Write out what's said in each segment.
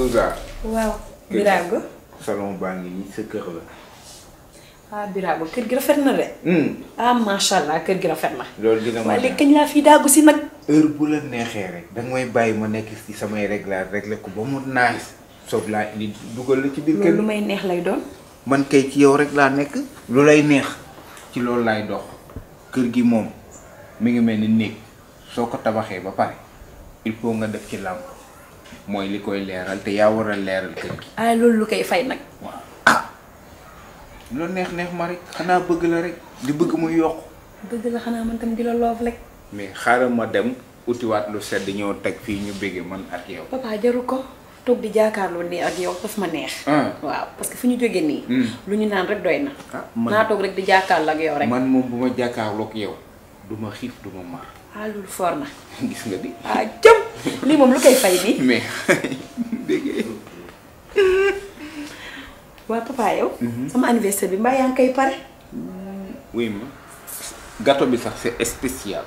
Souza. waaw Birago. salon baa ngi nii sa kër la. ah Birago kër gi rafet na de. Hmm. ah macha allah kër gi rafet na. loolu dina ma waaye kañ daa fi si nag. heure bu la neexee rek. da nga may bàyyi ma nekk si samay réglage réglé ko ba mu naaj. soob laa indi dugal la ci biir kër lu may neex lay doon. man kay ci yow rek laa nekk. lu lay neex ci loolu laay dox kër gi moom mi ngi mel ni néeg soo ko tabaxee ba pare il faut nga def ci làmp moy li leral te ya war leral keur gi. ay ah, lolou lu koy fay nak lu neex neex mari xana xanaa bëgg la rek di bëgg mu yok bëgg la xana man tam di la rek. mais xaaral ma dem wat lu sedd ñëw tek fi ñu bëggee man ak yow. papa jaru ko. tok di jàkkaarloo ni ak yow daf ma neex. Ah. waaw parce que fuñu joggé ni hmm. lu ñu naan rek doyna na. Ah, tok rek di jàkkaarloo ak yow rek. man mom buma ma ak yow duma xif duma mar alul forna gis nga bi a jëm li mom lu kay fay bi mais dege wa papa yow mhm. sama anniversaire bi mba yang kay paré oui hmm, ma gâteau bi sax c'est spécial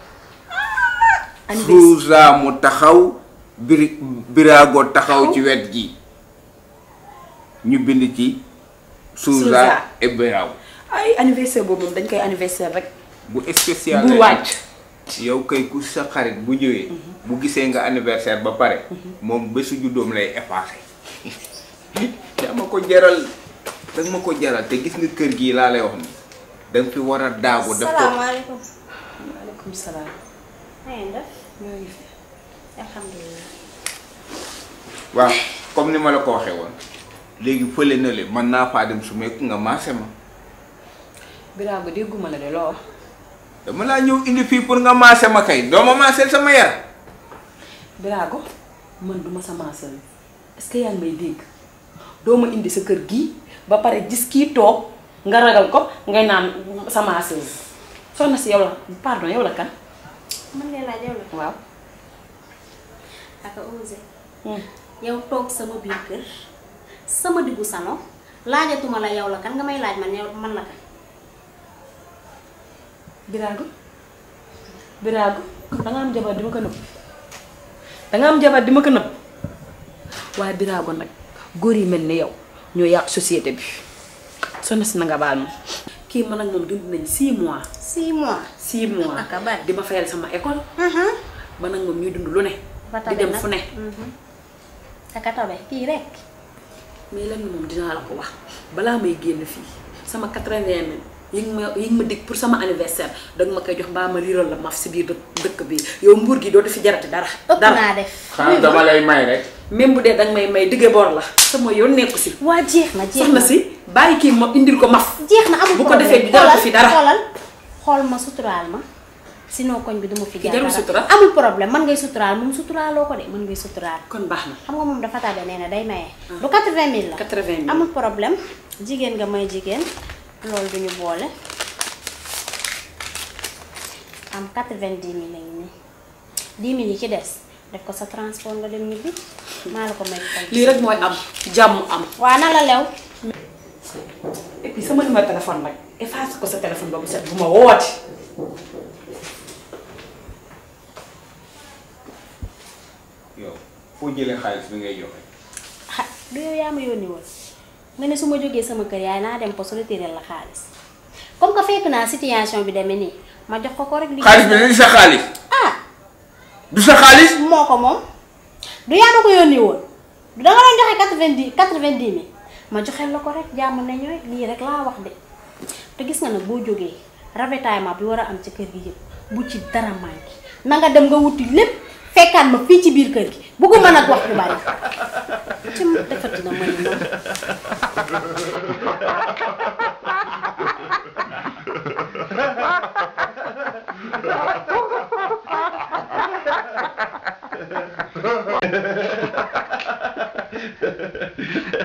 Souza mu taxaw birago taxaw ci wet gi ñu bind ci Souza et Birago ay anniversaire bobu dañ kay anniversaire rek bu spécial bu wacc yow kay ku sa xarit bu ñëwee mhm. bu gisé nga anniversaire ba paré mom mhm. bësu juddom lay effacé dama ko jéral dag ma ko jéral té gis nga kër gi la lay wax ni danga fi wara a daagu def ko salaamaaleykum alaykum salaam ngeen def ñoo ngi fi alhamdulilah comme ni ma la ko waxé won légui feulé na lé man na fa dem su mekk nga maase ma biraa ba dégguma la dé lo wax dama la ñew indi fi pour nga maase ma kay do ma sama yar. Drago man duma sa maaseel est-ce que yang may dégg do ma indi sa kër gi ba pare gis ki tok nga ragal ko ngay naan sa maaseel sonna si yow la pardon yow la kan. man nga la yow la. waaw. ak Ouzé. Hmm. yow tok sama biir kër sama diggu salon laajatuma la yow la kan nga may laaj man yow man la kan. biraagu biraagu danga am jabar di ma ko nëbb danga am jabar di ma ko nëbb waaye biraagu nag góor yi mel ni yow ñoo yàq société bi soxna si na nga baal ma kii man ak moom dund nañ 6 mois. 6 mois 6 mois di ma fayal sama école. Mm-hmm. man ak moom ñuy dund lu ne. di dem fu ne. takatabe mm-hmm. kii rek. mais lenn moom dinaa la ko wax balaa may génn fii sama quatre mille. yi ma ma dig pour sama anniversaire dag ma koy jox ba ma liiral la maf ci biir dëkk bi yow mbour gi do def ci jarati dara. dara na def. xam dama lay may rek. même bu dag may may digé bor la sama yon nekk ci wa jeex na jeex na ci si ki mo indir ko maf. jeex na amu bu ko defé defee jaratu fi dara xolal xol ma sutural ma. sino koñ bi duma fi jaar dara amul problème man ngay sutural moom sutural loko dé man ngay sutural kon baxna xam nga moom dafa tabé néna day maye. Ah. du 80000 la 80 000 problème jigen nga may jigen loolu duñu boole am quatre-vingt-dix mille lañu ne dix ci des def ko sa transport nga dem ñibbi maa la ko may lii rek mooy am jàmm am waa na la lew et puis sama numéro téléphone rek efface ko sa téléphone boobu set bu ma woote yow foo jëlee xaalis bi ngay joxe du yow yaa ma yónni woon nga ne su ma sama kër yaay na dem poste retiré la xaalis comme que fekk na situation bi demé ni ma jox ko ko rek. xaalis bi du sa xaalis. ah. du sa xaalis. moko mom du yaama ko yoni won du da nga doon joxe 90 vingt dix ma joxel la ko rek jamm na ñoy li rek la wax de te gis nga nag boo jógee ravitaillement bi wara am ci kër gi yëpp bu ci dara manki na nga dem nga wuti lepp fekkaat ma fi ci bir kër gi bu bëgguma nag wax lu bari. ce mă de fătu mă nimă? Ha ha ha ha!